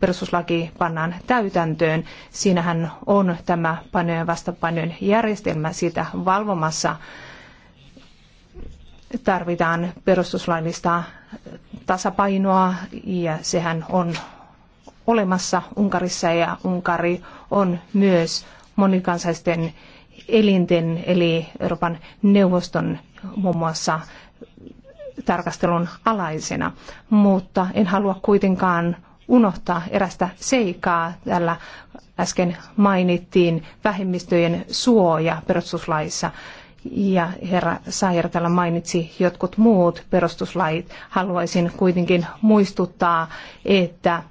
perustuslaki pannaan täytäntöön. Siinähän on tämä painojen vastapainojen järjestelmä sitä valvomassa tarvitaan perustuslaillista tasapainoa ja sehän on olemassa Unkarissa ja Unkari on myös monikansaisten elinten eli Euroopan neuvoston muun muassa tarkastelun alaisena, mutta en halua kuitenkaan unohtaa erästä seikaa. Tällä äsken mainittiin vähemmistöjen suoja perustuslaissa. Ja herra Sayer täällä mainitsi jotkut muut perustuslait. Haluaisin kuitenkin muistuttaa, että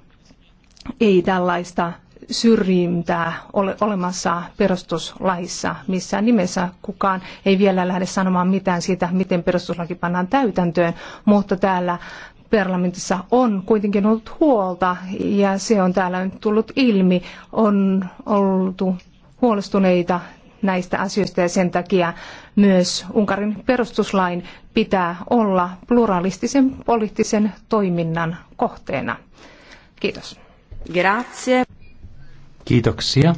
ei tällaista syrjintää ole olemassa perustuslaissa missään nimessä. Kukaan ei vielä lähde sanomaan mitään siitä, miten perustuslaki pannaan täytäntöön, mutta täällä parlamentissa on kuitenkin ollut huolta ja se on täällä nyt tullut ilmi. On oltu huolestuneita näistä asioista ja sen takia myös Unkarin perustuslain pitää olla pluralistisen poliittisen toiminnan kohteena. Kiitos. Grazie. Kiitoksia.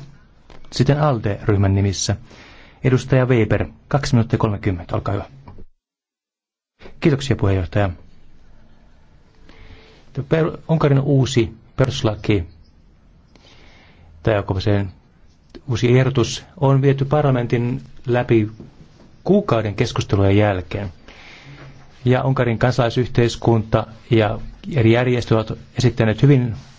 Sitten ALDE-ryhmän nimissä. Edustaja Weber, 2 minuuttia 30, olkaa hyvä. Kiitoksia puheenjohtaja per, Unkarin uusi peruslaki tai joko se uusi ehdotus on viety parlamentin läpi kuukauden keskustelujen jälkeen. Ja Unkarin kansalaisyhteiskunta ja eri järjestöt ovat esittäneet hyvin